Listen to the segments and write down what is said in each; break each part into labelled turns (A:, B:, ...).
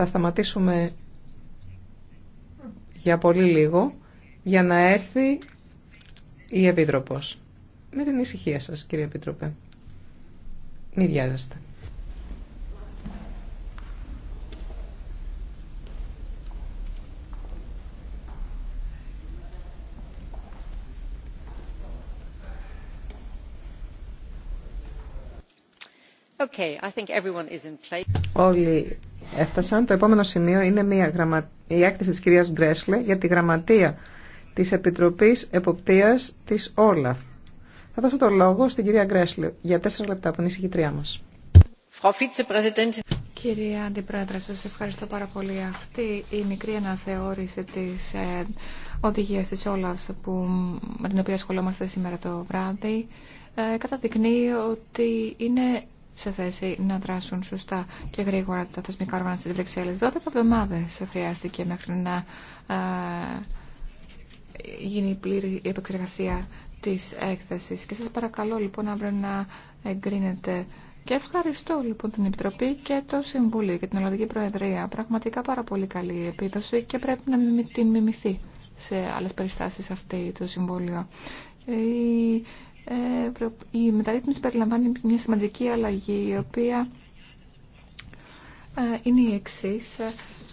A: Θα σταματήσουμε για πολύ λίγο για να έρθει η Επίτροπος. Με την ησυχία σας, κύριε Επίτροπε. μη βιάζεστε. Okay, I think everyone is in place. Όλοι έφτασαν. Το επόμενο σημείο είναι μια η έκθεση της κυρίας Γκρέσλε για τη γραμματεία της Επιτροπής Εποπτείας της Όλαφ. Θα δώσω το λόγο στην κυρία Γκρέσλε για τέσσερα λεπτά που είναι η συγκητριά μας.
B: Κυρία Αντιπρόεδρε, σας ευχαριστώ πάρα πολύ. Αυτή η μικρή αναθεώρηση της ε, οδηγίας της Όλαφ με την οποία ασχολόμαστε σήμερα το βράδυ ε, καταδεικνύει ότι είναι σε θέση να δράσουν σωστά και γρήγορα τα θεσμικά όργανα στις Βρυξέλλες. 12 εβδομάδες χρειάστηκε μέχρι να ε, γίνει η πλήρη επεξεργασία της έκθεσης. Και σας παρακαλώ λοιπόν αύριο να εγκρίνετε και ευχαριστώ λοιπόν την Επιτροπή και το Συμβούλιο και την Ολλανδική Προεδρία. Πραγματικά πάρα πολύ καλή επίδοση και πρέπει να την μιμηθεί σε άλλες περιστάσεις αυτή το Συμβούλιο η μεταρρύθμιση περιλαμβάνει μια σημαντική αλλαγή, η οποία ε, είναι η εξή.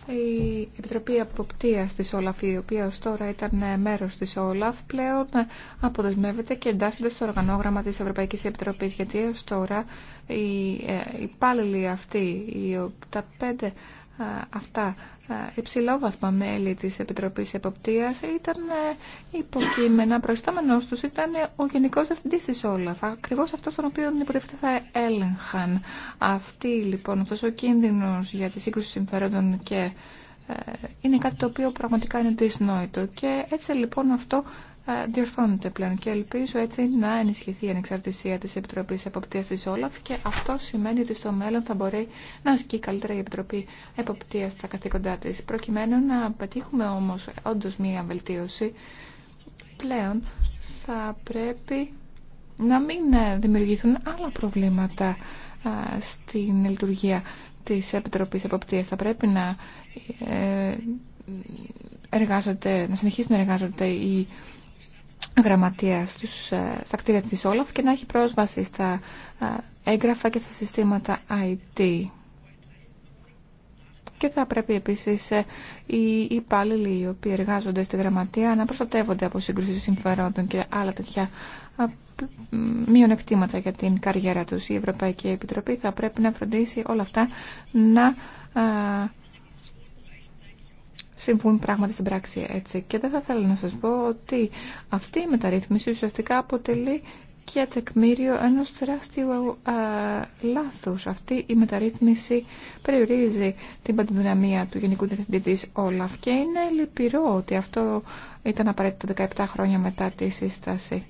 B: Η Επιτροπή Αποπτίας της ΟΛΑΦ, η οποία ως τώρα ήταν ε, μέρος της ΟΛΑΦ, πλέον ε, αποδεσμεύεται και εντάσσεται στο οργανόγραμμα της Ευρωπαϊκής Επιτροπής, γιατί ως τώρα οι υπάλληλοι αυτοί, τα πέντε αυτά υψηλόβαθμα μέλη της Επιτροπής Εποπτείας ήταν ε, υποκείμενα. Προϊστάμενος τους ήταν ε, ο Γενικός Διευθυντής της Όλαφ, ακριβώς αυτός τον οποίο υποτίθεται θα έλεγχαν. Αυτή λοιπόν, αυτός ο κίνδυνος για τη σύγκρουση συμφερόντων και ε, είναι κάτι το οποίο πραγματικά είναι δυσνόητο και έτσι λοιπόν αυτό ε, διορθώνεται πλέον και ελπίζω έτσι να ενισχυθεί η ανεξαρτησία της Επιτροπής Εποπτείας της Όλαφ και αυτό σημαίνει ότι στο μέλλον θα μπορεί να ασκεί καλύτερα η Επιτροπή Εποπτείας στα καθήκοντά της. Προκειμένου να πετύχουμε όμως όντω μία βελτίωση, πλέον θα πρέπει να μην ε, δημιουργηθούν άλλα προβλήματα ε, στην λειτουργία της Επιτροπής Εποπτείας. Θα πρέπει να εργάζεται, να συνεχίσει να εργάζεται η γραμματεία στους, ε, στα κτίρια της Όλαφ και να έχει πρόσβαση στα ε, έγγραφα και στα συστήματα IT. Και θα πρέπει επίσης ε, οι υπάλληλοι οι οποίοι εργάζονται στη γραμματεία να προστατεύονται από σύγκρουση συμφερόντων και άλλα τέτοια μειονεκτήματα για την καριέρα τους. Η Ευρωπαϊκή Επιτροπή θα πρέπει να φροντίσει όλα αυτά να συμβούν πράγματα στην πράξη έτσι. Και δεν θα θέλω να σας πω ότι αυτή η μεταρρύθμιση ουσιαστικά αποτελεί και τεκμήριο ενός τεράστιου α, ε, λάθους. Αυτή η μεταρρύθμιση περιορίζει την παντοδυναμία του Γενικού Διευθυντή της Όλαφ και είναι λυπηρό ότι αυτό ήταν απαραίτητο 17 χρόνια μετά τη σύσταση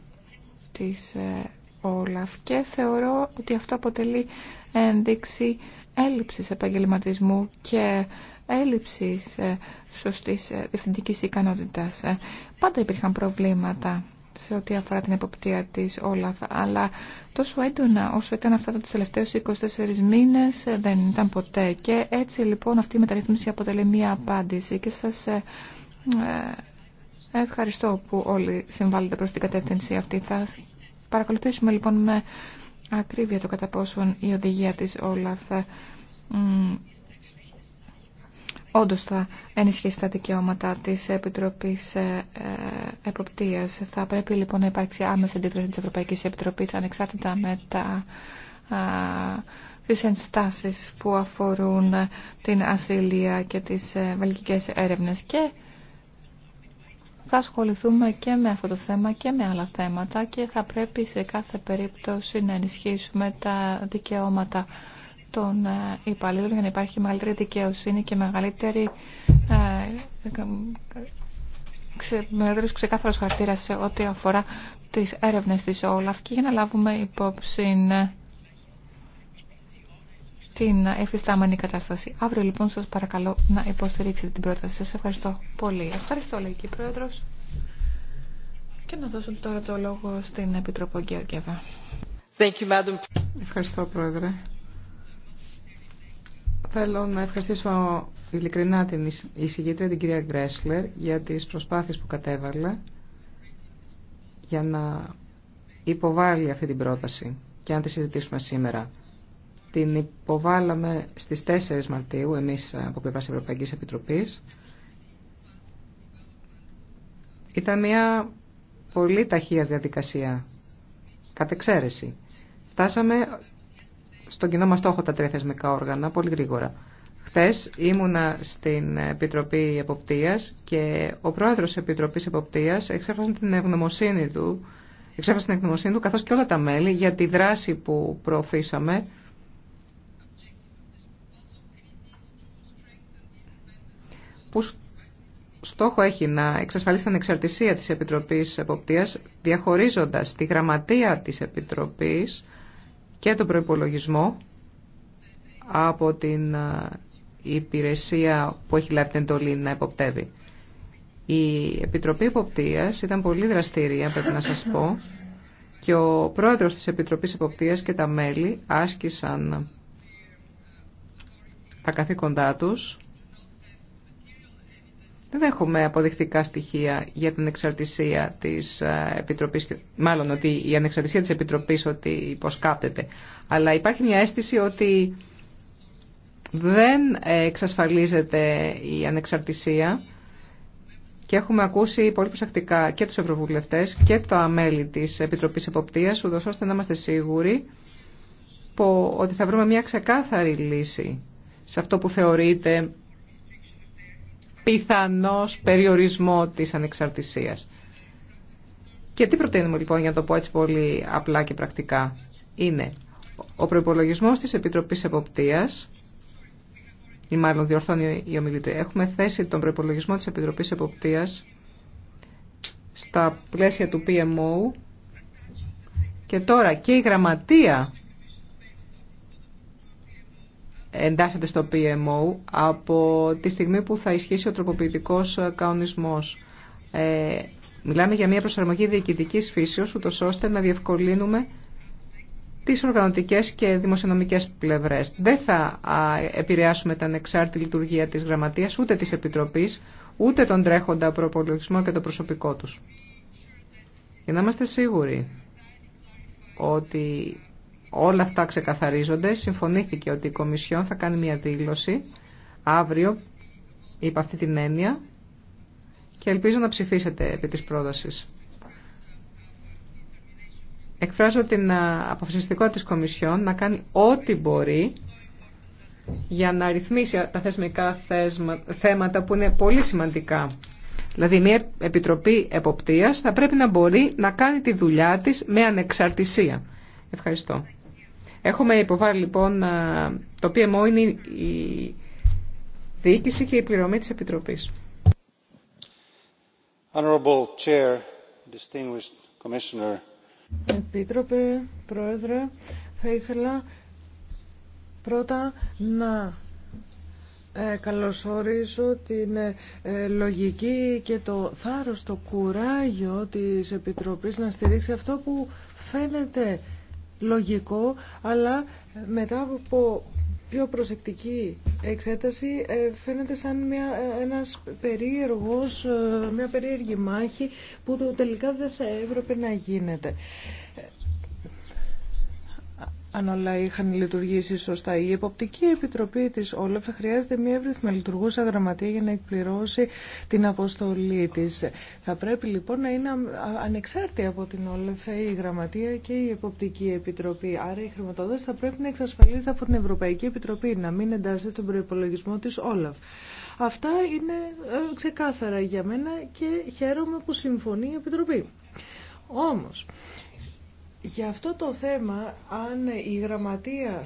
B: της ε, Όλαφ και θεωρώ ότι αυτό αποτελεί ένδειξη έλλειψης επαγγελματισμού και έλλειψης ε, σωστής ε, διευθυντικής ικανότητας. Ε, πάντα υπήρχαν προβλήματα σε ό,τι αφορά την εποπτεία της Όλαφ, αλλά τόσο έντονα όσο ήταν αυτά τα τελευταίους 24 μήνες δεν ήταν ποτέ. Και έτσι λοιπόν αυτή η μεταρρύθμιση αποτελεί μία απάντηση και σας ευχαριστώ που όλοι συμβάλλετε προς την κατεύθυνση αυτή. Θα παρακολουθήσουμε λοιπόν με ακρίβεια το κατά πόσον η οδηγία της Όλαφ Όντως θα ενισχύσει τα δικαιώματα της Επιτροπής ε, ε, Εποπτείας. Θα πρέπει λοιπόν να υπάρξει άμεση αντίδραση της Ευρωπαϊκής Επιτροπής ανεξάρτητα με τα, ε, τις ενστάσεις που αφορούν την ασυλία και τις ε, βελγικές έρευνες και θα ασχοληθούμε και με αυτό το θέμα και με άλλα θέματα και θα πρέπει σε κάθε περίπτωση να ενισχύσουμε τα δικαιώματα των ε, υπαλλήλων για να υπάρχει μεγαλύτερη δικαιοσύνη και μεγαλύτερη ε, ε, ξε, μεγαλύτερος ξεκάθαρος χαρακτήρας σε ό,τι αφορά τις έρευνες της Όλαφ και για να λάβουμε υπόψη την εφιστάμενη κατάσταση. Αύριο λοιπόν σας παρακαλώ να υποστηρίξετε την πρόταση. Σας ευχαριστώ πολύ. Ευχαριστώ Λαϊκή Πρόεδρος. Και να δώσω τώρα το λόγο στην επιτροπή Γεωργέβα. Ευχαριστώ Πρόεδρε.
A: Θέλω να ευχαριστήσω ειλικρινά την εισηγήτρια, την κυρία Γκρέσλερ, για τις προσπάθειες που κατέβαλε για να υποβάλει αυτή την πρόταση και αν τη συζητήσουμε σήμερα. Την υποβάλαμε στις 4 Μαρτίου, εμείς από πλευρά Ευρωπαϊκής Επιτροπής. Ήταν μια πολύ ταχεία διαδικασία, κατ' εξαίρεση. Φτάσαμε στον κοινό μας στόχο τα τρία θεσμικά όργανα πολύ γρήγορα. Χθες ήμουνα στην Επιτροπή Εποπτείας και ο πρόεδρος της Επιτροπής Εποπτείας εξέφρασε την ευγνωμοσύνη του, εξέφρασε την ευγνωμοσύνη του καθώς και όλα τα μέλη για τη δράση που προωθήσαμε που στόχο έχει να εξασφαλίσει την εξαρτησία της Επιτροπής Εποπτείας διαχωρίζοντας τη γραμματεία της Επιτροπής και τον προϋπολογισμό από την ε, υπηρεσία που έχει λάβει την εντολή να εποπτεύει. Η Επιτροπή Εποπτείας ήταν πολύ δραστήρια, πρέπει να σας πω, και ο πρόεδρος της Επιτροπής Εποπτείας και τα μέλη άσκησαν τα καθήκοντά τους δεν έχουμε αποδεικτικά στοιχεία για την ανεξαρτησία της ε, Επιτροπής, μάλλον ότι η ανεξαρτησία της Επιτροπής ότι υποσκάπτεται. Αλλά υπάρχει μια αίσθηση ότι δεν εξασφαλίζεται η ανεξαρτησία και έχουμε ακούσει πολύ προσεκτικά και τους Ευρωβουλευτές και τα μέλη της Επιτροπής Εποπτείας, ούτως ώστε να είμαστε σίγουροι ότι θα βρούμε μια ξεκάθαρη λύση σε αυτό που θεωρείται πιθανός περιορισμό της ανεξαρτησίας. Και τι προτείνουμε λοιπόν για να το πω έτσι πολύ απλά και πρακτικά. Είναι ο προπολογισμό της Επιτροπής Εποπτείας ή μάλλον διορθώνει η ομιλήτρια. Έχουμε θέσει τον προπολογισμό της Επιτροπής Εποπτείας στα πλαίσια του PMO και τώρα και η γραμματεία εντάσσεται στο PMO από τη στιγμή που θα ισχύσει ο τροποποιητικός καονισμός. Ε, μιλάμε για μια προσαρμογή διοικητικής φύσεως, ούτως ώστε να διευκολύνουμε τις οργανωτικές και δημοσιονομικές πλευρές. Δεν θα επηρεάσουμε την ανεξάρτητη λειτουργία της Γραμματείας, ούτε της Επιτροπής, ούτε τον τρέχοντα προπολογισμό και το προσωπικό τους. Για να είμαστε σίγουροι ότι όλα αυτά ξεκαθαρίζονται. Συμφωνήθηκε ότι η Κομισιόν θα κάνει μια δήλωση αύριο Είπα αυτή την έννοια και ελπίζω να ψηφίσετε επί της πρότασης. Εκφράζω την αποφασιστικότητα της Κομισιόν να κάνει ό,τι μπορεί για να ρυθμίσει τα θεσμικά θέματα που είναι πολύ σημαντικά. Δηλαδή μια επιτροπή εποπτείας θα πρέπει να μπορεί να κάνει τη δουλειά της με ανεξαρτησία. Ευχαριστώ. Έχουμε υποβάλει λοιπόν, το PMO είναι η διοίκηση και η πληρωμή της Επιτροπής. Επίτροπε,
C: Πρόεδρε, θα ήθελα πρώτα να ε, καλωσορίσω την ε, ε, λογική και το θάρρος, το κουράγιο της Επιτροπής να στηρίξει αυτό που φαίνεται λογικό, αλλά μετά από πιο προσεκτική εξέταση ε, φαίνεται σαν μια, ε, ένας περίεργος, ε, μια περίεργη μάχη που τελικά δεν θα έπρεπε να γίνεται αν όλα είχαν λειτουργήσει σωστά. Η Εποπτική Επιτροπή τη ΟΛΕΦ χρειάζεται μια ευρύθμη λειτουργούσα γραμματεία για να εκπληρώσει την αποστολή τη. Θα πρέπει λοιπόν να είναι ανεξάρτητη από την ΟΛΕΦ η γραμματεία και η Εποπτική Επιτροπή. Άρα η χρηματοδότηση θα πρέπει να εξασφαλίζεται από την Ευρωπαϊκή Επιτροπή, να μην εντάσσεται στον προπολογισμό τη ΟΛΕΦ. Αυτά είναι ε, ξεκάθαρα για μένα και χαίρομαι που συμφωνεί η Επιτροπή. Όμως, για αυτό το θέμα, αν η γραμματεία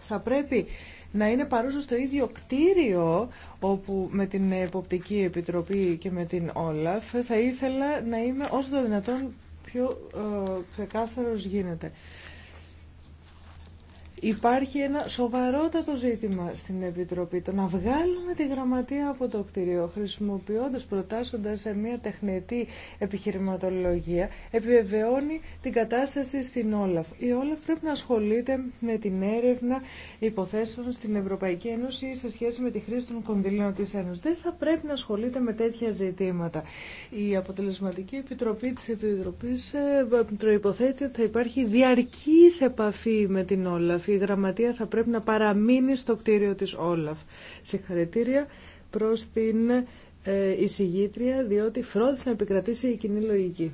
C: θα πρέπει να είναι παρούσα στο ίδιο κτίριο όπου με την Εποπτική Επιτροπή και με την Όλαφ, θα ήθελα να είμαι όσο το δυνατόν πιο ε, ξεκάθαρος γίνεται. Υπάρχει ένα σοβαρότατο ζήτημα στην Επιτροπή. Το να βγάλουμε τη γραμματεία από το κτίριο, χρησιμοποιώντας, προτάσσοντας σε μια τεχνητή επιχειρηματολογία, επιβεβαιώνει την κατάσταση στην Όλαφ. Η Όλαφ πρέπει να ασχολείται με την έρευνα υποθέσεων στην Ευρωπαϊκή Ένωση σε σχέση με τη χρήση των κονδυλίων της Ένωσης. Δεν θα πρέπει να ασχολείται με τέτοια ζητήματα. Η Αποτελεσματική Επιτροπή της Επιτροπής ε, προϋποθέτει ότι θα υπάρχει διαρκής επαφή με την Όλαφ η γραμματεία θα πρέπει να παραμείνει στο κτίριο της Όλαφ. Συγχαρητήρια προς την ε, εισηγήτρια, διότι φρόντισε να επικρατήσει η κοινή λογική.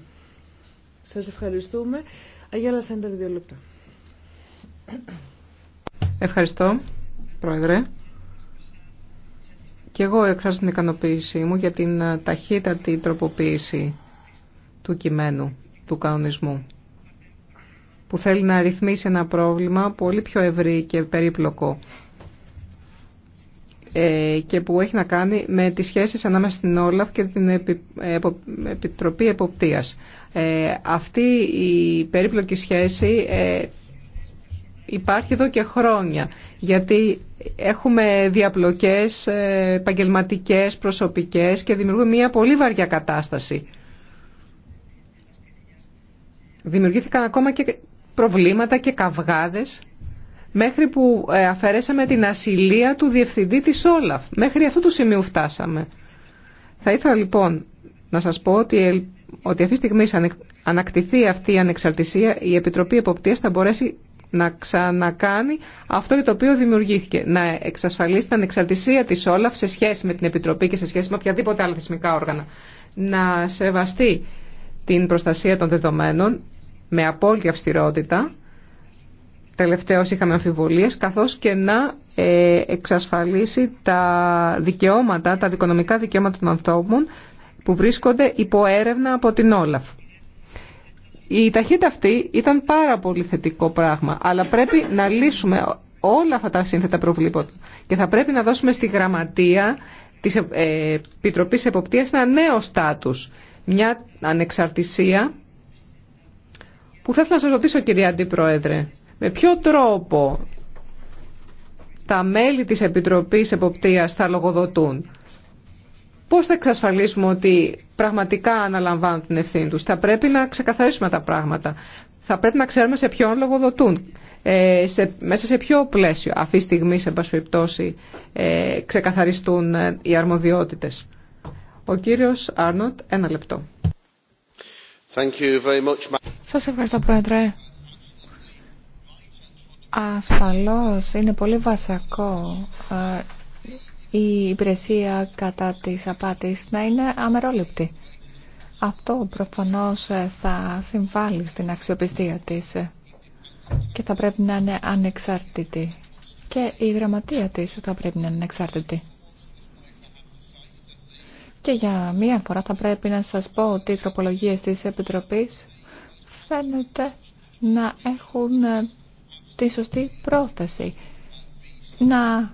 C: Σας ευχαριστούμε. Αγιάλα Σέντερ, δύο λεπτά.
A: Ευχαριστώ, Πρόεδρε. Και εγώ εκφράζω την ικανοποίησή μου για την ταχύτατη τροποποίηση του κειμένου, του κανονισμού που θέλει να ρυθμίσει ένα πρόβλημα πολύ πιο ευρύ και περίπλοκο ε, και που έχει να κάνει με τις σχέσεις ανάμεσα στην Όλαφ και την Επιτροπή Εποπτείας. Ε, αυτή η περίπλοκη σχέση ε, υπάρχει εδώ και χρόνια γιατί έχουμε διαπλοκές επαγγελματικέ, προσωπικές και δημιουργούμε μια πολύ βαριά κατάσταση. Δημιουργήθηκαν ακόμα και προβλήματα και καυγάδες μέχρι που ε, αφαιρέσαμε την ασυλία του διευθυντή της Όλαφ. Μέχρι αυτού του σημείου φτάσαμε. Θα ήθελα λοιπόν να σας πω ότι, ότι αυτή τη στιγμή ανακτηθεί αυτή η ανεξαρτησία, η Επιτροπή Εποπτείας θα μπορέσει να ξανακάνει αυτό για το οποίο δημιουργήθηκε. Να εξασφαλίσει την ανεξαρτησία της Όλαφ σε σχέση με την Επιτροπή και σε σχέση με οποιαδήποτε άλλα θεσμικά όργανα. Να σεβαστεί την προστασία των δεδομένων με απόλυτη αυστηρότητα, τελευταίως είχαμε αμφιβολίες, καθώς και να ε, εξασφαλίσει τα δικαιώματα, τα δικονομικά δικαιώματα των ανθρώπων που βρίσκονται υπό έρευνα από την Όλαφ. Η ταχύτητα αυτή ήταν πάρα πολύ θετικό πράγμα, αλλά πρέπει να λύσουμε όλα αυτά τα σύνθετα προβλήματα και θα πρέπει να δώσουμε στη γραμματεία της ε, Επιτροπής Εποπτείας ένα νέο στάτους, μια ανεξαρτησία που θα ήθελα να σας ρωτήσω κυρία Αντιπρόεδρε, με ποιο τρόπο τα μέλη της Επιτροπής Εποπτείας θα λογοδοτούν. Πώς θα εξασφαλίσουμε ότι πραγματικά αναλαμβάνουν την ευθύνη τους. Θα πρέπει να ξεκαθαρίσουμε τα πράγματα. Θα πρέπει να ξέρουμε σε ποιον λογοδοτούν. Ε, σε, μέσα σε ποιο πλαίσιο αυτή τη στιγμή, σε ε, ξεκαθαριστούν οι αρμοδιότητες. Ο κύριος Άρνοτ,
B: ένα λεπτό. Σας ευχαριστώ Πρόεδρε. Ασφαλώς είναι πολύ βασικό ε, η υπηρεσία κατά της απάτης να είναι αμερόληπτη. Αυτό προφανώς ε, θα συμβάλλει στην αξιοπιστία της ε, και θα πρέπει να είναι ανεξάρτητη. Και η γραμματεία της θα πρέπει να είναι ανεξάρτητη. Και για μία φορά θα πρέπει να σας πω ότι οι τροπολογίες της Επιτροπής φαίνεται να έχουν ε, τη σωστή πρόθεση. Να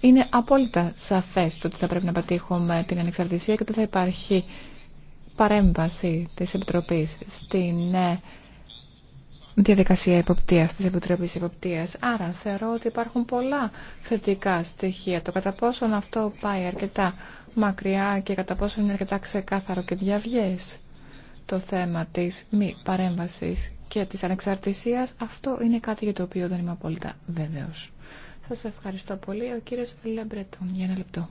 B: είναι απόλυτα σαφές το ότι θα πρέπει να πετύχουμε την ανεξαρτησία και ότι θα υπάρχει παρέμβαση της Επιτροπής στην ε, διαδικασία εποπτείας της Επιτροπής Εποπτείας. Άρα θεωρώ ότι υπάρχουν πολλά θετικά στοιχεία. Το κατά πόσον αυτό πάει αρκετά μακριά και κατά πόσο είναι αρκετά ξεκάθαρο και διαυγές το θέμα της μη παρέμβασης και της ανεξαρτησίας, αυτό είναι κάτι για το οποίο δεν είμαι απόλυτα βέβαιος. Σας ευχαριστώ πολύ. Ο κύριος Λεμπρετών για ένα λεπτό.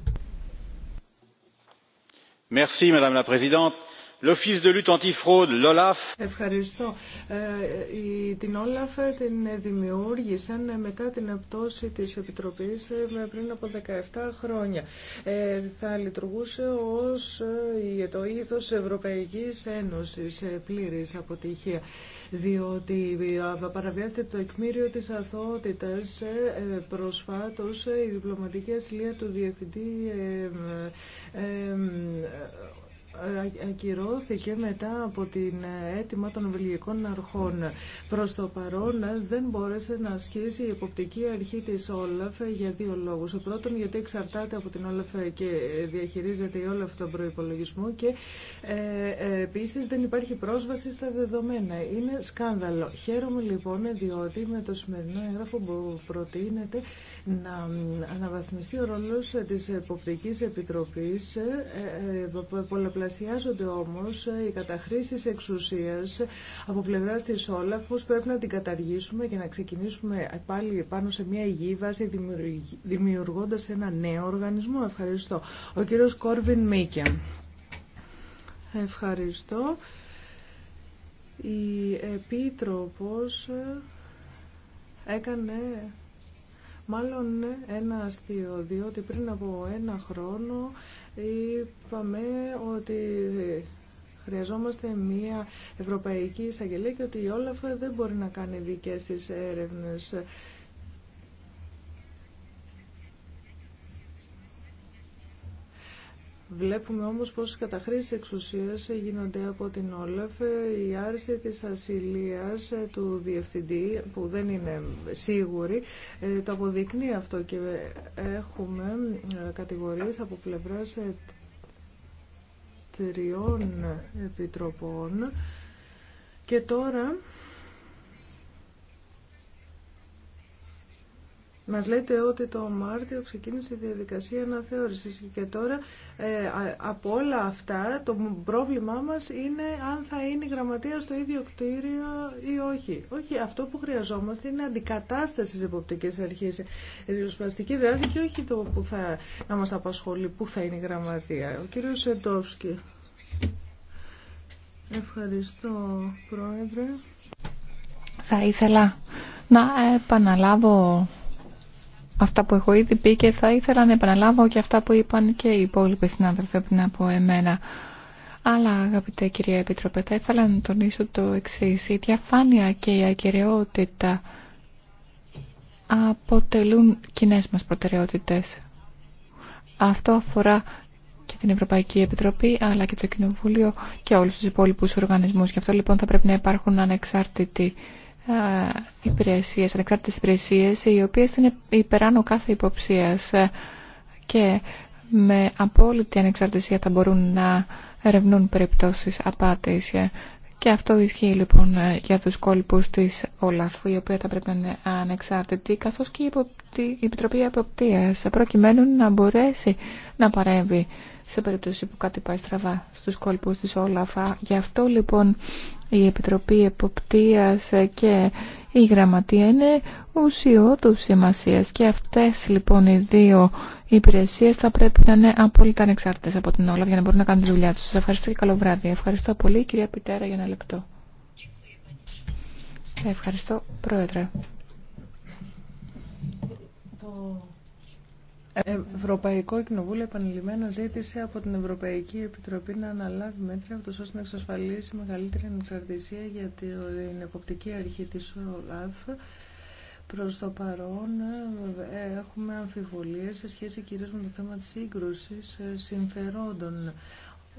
B: Ευχαριστώ. Ε, την
C: Όλαφ την δημιούργησαν μετά την πτώση της Επιτροπής ε, πριν από 17 χρόνια. Ε, θα λειτουργούσε ως το ευρωπαϊκή Ευρωπαϊκής σε πλήρης αποτυχία, διότι παραβιάζεται το εκμήριο της αθωότητας προσφάτως η διπλωματική ασυλία του Διευθυντή ε, ακυρώθηκε μετά από την αίτημα των βελγικών αρχών. Προς το παρόν δεν μπόρεσε να ασκήσει η υποπτική αρχή της Όλαφ για δύο λόγους. Ο πρώτον γιατί εξαρτάται από την Όλαφ και διαχειρίζεται η Όλαφ τον προϋπολογισμό και ε, ε, επίσης δεν υπάρχει πρόσβαση στα δεδομένα. Είναι σκάνδαλο. Χαίρομαι λοιπόν διότι με το σημερινό έγγραφο που προτείνεται να αναβαθμιστεί ο ρόλος της υποπτικής Επιτροπής ε, πολλαπλασιάζονται όμως ε, οι καταχρήσει εξουσίας από πλευρά της Όλαφ, πώς πρέπει να την καταργήσουμε και να ξεκινήσουμε πάλι πάνω σε μια υγιή βάση δημιουργώντας ένα νέο οργανισμό. Ευχαριστώ. Ο κύριος Κόρβιν Μίκεν. Ευχαριστώ. Η Επίτροπος ε, έκανε μάλλον ε, ένα αστείο, διότι πριν από ένα χρόνο είπαμε ότι χρειαζόμαστε μια ευρωπαϊκή εισαγγελία και ότι η Όλαφ δεν μπορεί να κάνει δικές της έρευνες. Βλέπουμε όμως πως οι καταχρήσεις εξουσίας γίνονται από την Όλαφ, η άρση της ασυλίας του διευθυντή που δεν είναι σίγουρη, ε, το αποδεικνύει αυτό και έχουμε ε, κατηγορίες από πλευράς ε, τριών επιτροπών και τώρα Μας λέτε ότι το Μάρτιο ξεκίνησε η διαδικασία αναθεώρησης και τώρα ε, από όλα αυτά το πρόβλημά μας είναι αν θα είναι η γραμματεία στο ίδιο κτίριο ή όχι. Όχι, αυτό που χρειαζόμαστε είναι αντικατάσταση στις εποπτικές αρχές, ριζοσπαστική δράση και όχι το που θα να μας απασχολεί, που θα είναι η γραμματεία. Ο κύριος Σεντόφσκι. Ευχαριστώ, Πρόεδρε.
B: Θα ήθελα να επαναλάβω αυτά που έχω ήδη πει και θα ήθελα να επαναλάβω και αυτά που είπαν και οι υπόλοιποι συνάδελφοι πριν από εμένα. Αλλά αγαπητέ κυρία Επιτροπέ, θα ήθελα να τονίσω το εξή. Η διαφάνεια και η ακαιρεότητα αποτελούν κοινέ μας προτεραιότητες. Αυτό αφορά και την Ευρωπαϊκή Επιτροπή αλλά και το Κοινοβούλιο και όλους τους υπόλοιπους οργανισμούς. Γι' αυτό λοιπόν θα πρέπει να υπάρχουν ανεξάρτητοι υπηρεσίες, ανεξάρτητες υπηρεσίες, οι οποίες είναι υπεράνω κάθε υποψίας ε, και με απόλυτη ανεξαρτησία θα μπορούν να ερευνούν περιπτώσεις απάτη. Ε. Και αυτό ισχύει λοιπόν ε, για τους κόλπους της ΟΛΑΦ, οι οποίοι θα πρέπει να είναι ανεξάρτητοι, καθώς και η Επιτροπή Εποπτείας, προκειμένου να μπορέσει να παρέμβει σε περίπτωση που κάτι πάει στραβά στους κόλπους της ΟΛΑΦ. Γι' αυτό λοιπόν η Επιτροπή Εποπτείας ε, και η γραμματεία είναι ουσιώδου σημασίας και αυτές λοιπόν οι δύο υπηρεσίες θα πρέπει να είναι απόλυτα ανεξάρτητες από την όλα για να μπορούν να κάνουν τη δουλειά τους. Σας ευχαριστώ και καλό βράδυ. Ευχαριστώ πολύ κυρία Πιτέρα για ένα λεπτό. Ευχαριστώ πρόεδρε.
C: Ευρωπαϊκό Κοινοβούλιο επανειλημμένα ζήτησε από την Ευρωπαϊκή Επιτροπή να αναλάβει μέτρα ώστε να εξασφαλίσει μεγαλύτερη ανεξαρτησία για την εποπτική αρχή της ΟΛΑΦ. Προς το παρόν ε, έχουμε αμφιβολίες σε σχέση κυρίως με το θέμα της σύγκρουσης ε, συμφερόντων.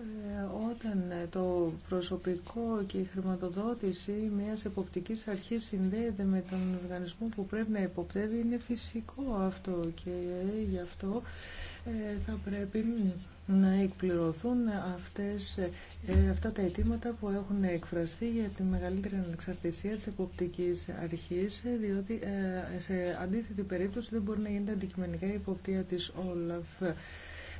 C: Ε, όταν ε, το προσωπικό και η χρηματοδότηση μιας εποπτικής αρχής συνδέεται με τον οργανισμό που πρέπει να εποπτεύει είναι φυσικό αυτό και ε, γι' αυτό θα πρέπει να εκπληρωθούν αυτές, αυτά τα αιτήματα που έχουν εκφραστεί για τη μεγαλύτερη ανεξαρτησία της εποπτικής αρχής διότι σε αντίθετη περίπτωση δεν μπορεί να γίνεται αντικειμενικά η εποπτεία της Όλαφ.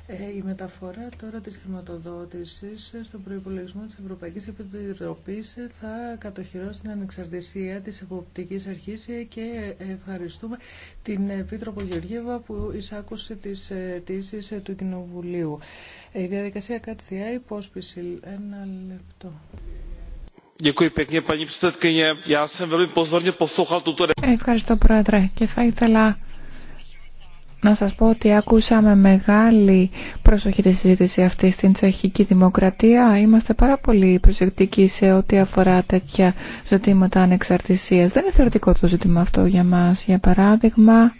C: Ε, η μεταφορά τώρα της χρηματοδότησης στον προϋπολογισμό της Ευρωπαϊκής Επιτροπής θα κατοχυρώσει την ανεξαρτησία της εποπτικής αρχής και ευχαριστούμε την Επίτροπο Γεωργίευα που εισάκουσε τις αιτήσει του Κοινοβουλίου. Η διαδικασία κάτι θεά υπόσπιση. Ένα λεπτό.
B: Ευχαριστώ Πρόεδρε και θα ήθελα να σας πω ότι ακούσαμε μεγάλη προσοχή τη συζήτηση αυτή στην τσεχική δημοκρατία. Είμαστε πάρα πολύ προσεκτικοί σε ό,τι αφορά τέτοια ζητήματα ανεξαρτησίας. Δεν είναι θεωρητικό το ζήτημα αυτό για μας. Για παράδειγμα,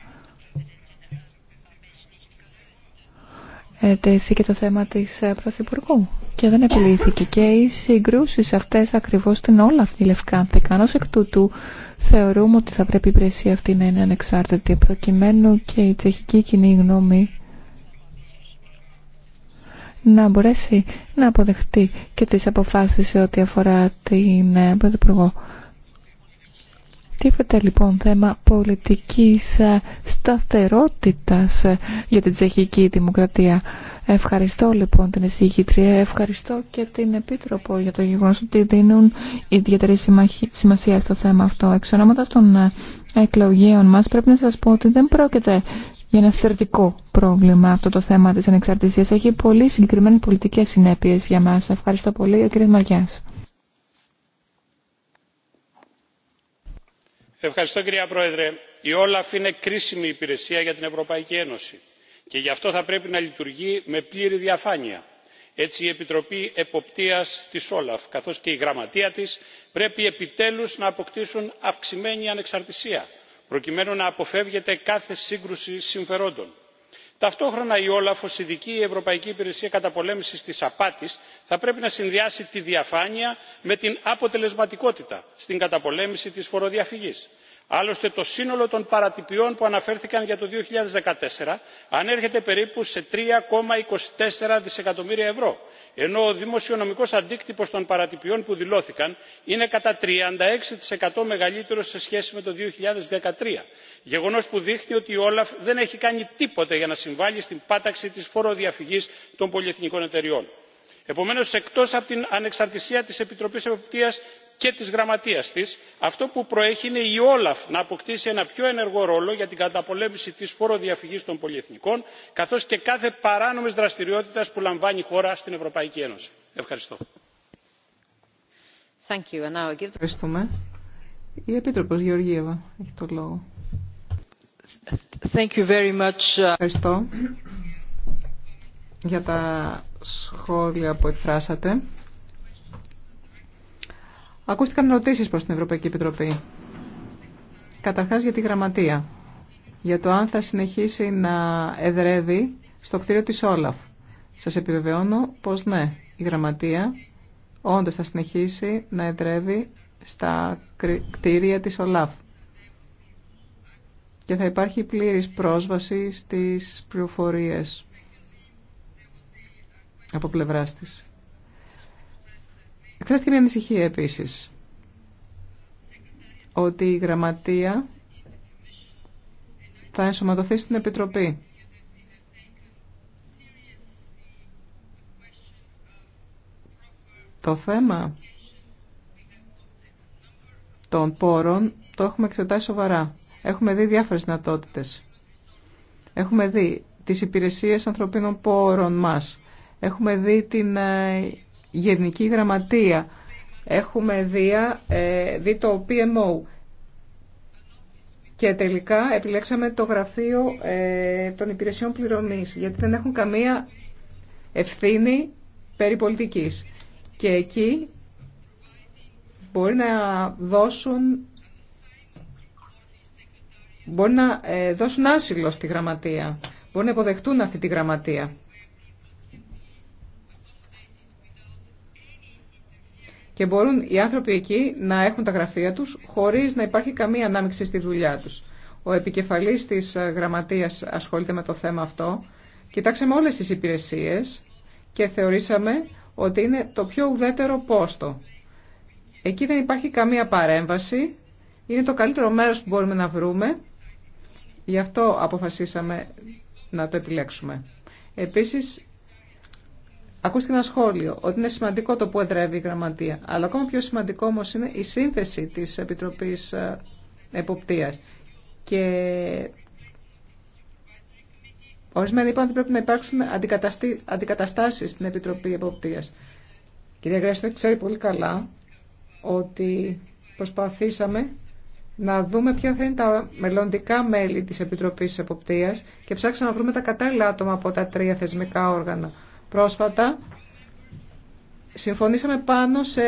B: ε, τέθηκε το θέμα της ε, Πρωθυπουργού και δεν επιλύθηκε. Και οι συγκρούσεις αυτές ακριβώς την όλα αυτή λευκάνθηκαν. Ως εκ τούτου θεωρούμε ότι θα πρέπει η πρεσία αυτή να είναι ανεξάρτητη προκειμένου και η τσεχική κοινή γνώμη να μπορέσει να αποδεχτεί και τις αποφάσεις σε ό,τι αφορά την ε, Πρωθυπουργό Τίθεται λοιπόν θέμα πολιτικής ε, σταθερότητας ε, για την τσεχική δημοκρατία. Ευχαριστώ λοιπόν την εισηγήτρια, ευχαριστώ και την Επίτροπο για το γεγονός ότι δίνουν ιδιαίτερη σημασία στο θέμα αυτό. Εξ των ε, εκλογέων μας πρέπει να σας πω ότι δεν πρόκειται για ένα θερτικό πρόβλημα αυτό το θέμα της ανεξαρτησίας. Έχει πολύ συγκεκριμένες πολιτικές συνέπειες για μας. Ευχαριστώ πολύ, κύριε Μαγιάς.
D: Ευχαριστώ κυρία Πρόεδρε. Η Όλαφ είναι κρίσιμη υπηρεσία για την Ευρωπαϊκή Ένωση και γι' αυτό θα πρέπει να λειτουργεί με πλήρη διαφάνεια. Έτσι η Επιτροπή Εποπτείας της Όλαφ καθώς και η γραμματεία της πρέπει επιτέλους να αποκτήσουν αυξημένη ανεξαρτησία προκειμένου να αποφεύγεται κάθε σύγκρουση συμφερόντων ταυτόχρονα η όλαφ ως ειδική ευρωπαϊκή υπηρεσία καταπολέμησης της απάτης θα πρέπει να συνδυάσει τη διαφάνεια με την αποτελεσματικότητα στην καταπολέμηση της φοροδιαφυγής άλλωστε το σύνολο των παρατυπιών που αναφέρθηκαν για το 2014 ανέρχεται περίπου σε τρία δισεκατομμύρια ευρώ ενώ ο δημοσιονομικός αντίκτυπος των παρατυπιών που δηλώθηκαν είναι κατά 36% έξι μεγαλύτερος σε σχέση με το 2013, χιλιάδες γεγονός που δείχνει ότι η όλαφ δεν έχει κάνει τίποτα για να συμβάλει στην πάταξη της φοροδιαφυγής των πολυεθνικών εταιριών. επομένως εκτός από την ανεξαρτησία της επιτροπής εποπτείας και της γραμματείας της αυτό που προέχει είναι η όλαφ να αποκτήσει ένα πιο ενεργό ρόλο για την καταπολέμηση της φοροδιαφυγής των πολυεθνικών καθώς και κάθε παράνομης δραστηριότητας που λαμβάνει η χώρα στην ευρωπαϊκή ένωση. ευχαριστώ.
A: Ευχαριστούμε. Η Επίτροπος Γεωργίευα έχει το λόγο. Thank you very much. Uh, ευχαριστώ για τα σχόλια που εκφράσατε. Ακούστηκαν ερωτήσει προ την Ευρωπαϊκή Επιτροπή. Καταρχάς για τη γραμματεία. Για το αν θα συνεχίσει να εδρεύει στο κτίριο της Όλαφ. Σα επιβεβαιώνω πως ναι, η γραμματεία όντω θα συνεχίσει να εδρεύει στα κτίρια της ΟΛΑΦ και θα υπάρχει πλήρης πρόσβαση στις πληροφορίες από πλευράς της. Εκφράστηκε μια ανησυχία επίσης ότι η γραμματεία θα ενσωματωθεί στην Επιτροπή. Το θέμα των πόρων το έχουμε εξετάσει σοβαρά. Έχουμε δει διάφορες δυνατότητε. Έχουμε δει τις υπηρεσίες ανθρωπίνων πόρων μας. Έχουμε δει την ε, Γενική Γραμματεία, έχουμε δει, δει το PMO και τελικά επιλέξαμε το γραφείο ε, των υπηρεσιών πληρωμής γιατί δεν έχουν καμία ευθύνη περί πολιτικής. Και εκεί μπορεί να δώσουν μπορεί να ε, δώσουν άσυλο στη γραμματεία. Μπορεί να υποδεχτούν αυτή τη γραμματεία. και μπορούν οι άνθρωποι εκεί να έχουν τα γραφεία τους χωρίς να υπάρχει καμία ανάμειξη στη δουλειά τους. Ο επικεφαλής της ε, γραμματείας ασχολείται με το θέμα αυτό. Κοιτάξαμε όλες τις υπηρεσίες και θεωρήσαμε ότι είναι το πιο ουδέτερο πόστο. Εκεί δεν υπάρχει καμία παρέμβαση. Είναι το καλύτερο μέρος που μπορούμε να βρούμε. Γι' αυτό αποφασίσαμε να το επιλέξουμε. Επίσης, Ακούστε ένα σχόλιο ότι είναι σημαντικό το που εδρεύει η γραμματεία, αλλά ακόμα πιο σημαντικό όμω είναι η σύνθεση τη επιτροπή ε, Εποπτεία. Και ορισμένοι είπαν ότι πρέπει να υπάρξουν αντικαταστάσει στην Επιτροπή Εποπτείας. Κυρία Γκρέστερ, ξέρει πολύ καλά ότι προσπαθήσαμε να δούμε ποια θα είναι τα μελλοντικά μέλη της Επιτροπής Εποπτείας και ψάξαμε να βρούμε τα κατάλληλα άτομα από τα τρία θεσμικά όργανα Πρόσφατα συμφωνήσαμε πάνω σε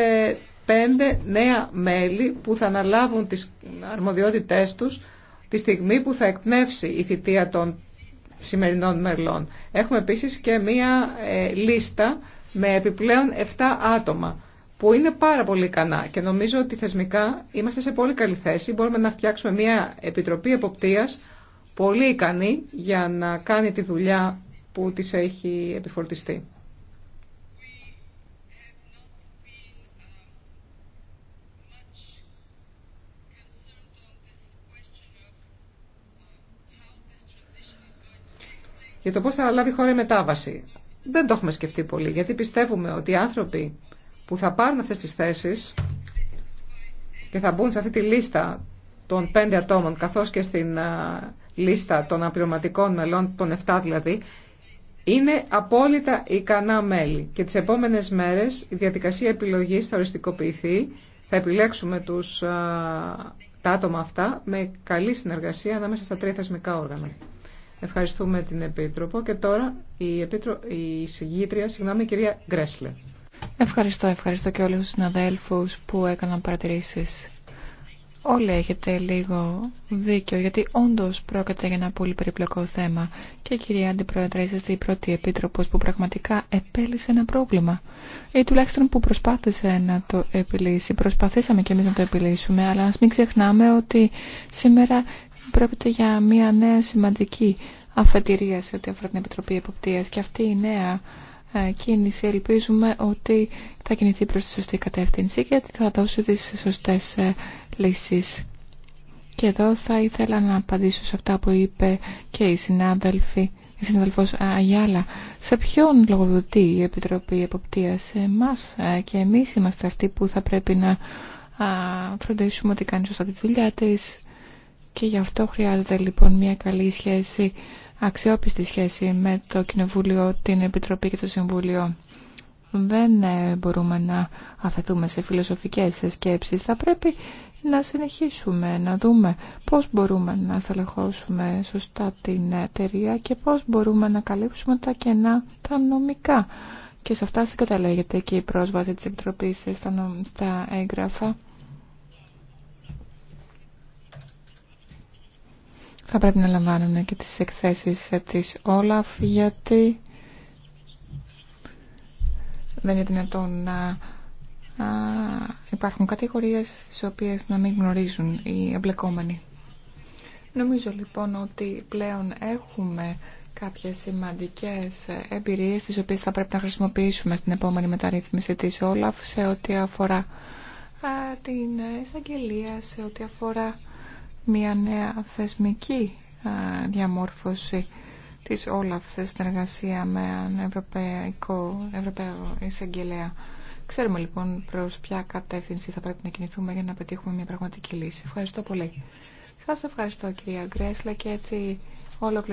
A: πέντε νέα μέλη που θα αναλάβουν τις αρμοδιότητές τους τη στιγμή που θα εκπνεύσει η θητεία των σημερινών μελών. Έχουμε επίσης και μία ε, λίστα με επιπλέον 7 άτομα που είναι πάρα πολύ ικανά και νομίζω ότι θεσμικά είμαστε σε πολύ καλή θέση. Μπορούμε να φτιάξουμε μία επιτροπή εποπτείας πολύ ικανή για να κάνει τη δουλειά που της έχει επιφορτιστεί. Για το πώς θα λάβει χώρα η μετάβαση. Δεν το έχουμε σκεφτεί πολύ, γιατί πιστεύουμε ότι οι άνθρωποι που θα πάρουν αυτές τις θέσεις και θα μπουν σε αυτή τη λίστα των πέντε ατόμων, καθώς και στην λίστα των απληρωματικών μελών, των 7 δηλαδή, είναι απόλυτα ικανά μέλη και τις επόμενες μέρες η διαδικασία επιλογής θα οριστικοποιηθεί. Θα επιλέξουμε τους, τα άτομα αυτά με καλή συνεργασία ανάμεσα στα τρία θεσμικά όργανα. Ευχαριστούμε την Επίτροπο και τώρα η, Επίτρο, η συγγήτρια, συγγνώμη, η κυρία Γκρέσλε.
B: Ευχαριστώ, ευχαριστώ και όλους τους συναδέλφους που έκαναν παρατηρήσεις Όλοι έχετε λίγο δίκιο, γιατί όντως πρόκειται για ένα πολύ περιπλοκό θέμα. Και κυρία Αντιπρόεδρε, είσαστε η πρώτη επίτροπο που πραγματικά επέλυσε ένα πρόβλημα. Ή τουλάχιστον που προσπάθησε να το επιλύσει. Προσπαθήσαμε κι εμεί να το επιλύσουμε, αλλά α μην ξεχνάμε ότι σήμερα πρόκειται για μια νέα σημαντική αφετηρία σε ό,τι αφορά την Επιτροπή Εποπτεία. Και αυτή η νέα ε, κίνηση ελπίζουμε ότι θα κινηθεί προς τη σωστή κατεύθυνση και ότι θα δώσει τις σωστές ε, λύσεις. Και εδώ θα ήθελα να απαντήσω σε αυτά που είπε και η συνάδελφη, η συνάδελφος Αγιάλα. Σε ποιον λογοδοτεί η Επιτροπή Εποπτείας σε εμάς ε, και εμείς είμαστε αυτοί που θα πρέπει να φροντίσουμε ότι κάνει σωστά τη δουλειά της και γι' αυτό χρειάζεται λοιπόν μια καλή σχέση αξιόπιστη σχέση με το Κοινοβούλιο, την Επιτροπή και το Συμβούλιο. Δεν ε, μπορούμε να αφαιθούμε σε φιλοσοφικές σκέψεις. Θα πρέπει να συνεχίσουμε, να δούμε πώς μπορούμε να θελεχώσουμε σωστά την εταιρεία και πώς μπορούμε να καλύψουμε τα κενά τα νομικά. Και σε αυτά συγκαταλέγεται και η πρόσβαση της Επιτροπής στα έγγραφα θα πρέπει να λαμβάνουν και τις εκθέσεις της Όλαφ γιατί δεν είναι δυνατόν να υπάρχουν κατηγορίες τις οποίες να μην γνωρίζουν οι εμπλεκόμενοι. Νομίζω λοιπόν ότι πλέον έχουμε κάποιες σημαντικές εμπειρίες τις οποίες θα πρέπει να χρησιμοποιήσουμε στην επόμενη μεταρρύθμιση της Όλαφ σε ό,τι αφορά την εισαγγελία, σε ό,τι αφορά μια νέα θεσμική διαμόρφωση της όλα αυτή συνεργασία με έναν ευρωπαϊκό, ευρωπαίο εισαγγελέα. Ξέρουμε λοιπόν προς ποια κατεύθυνση θα πρέπει να κινηθούμε για να πετύχουμε μια πραγματική λύση. Ευχαριστώ πολύ. Σας ευχαριστώ κυρία Γκρέσλα και έτσι όλο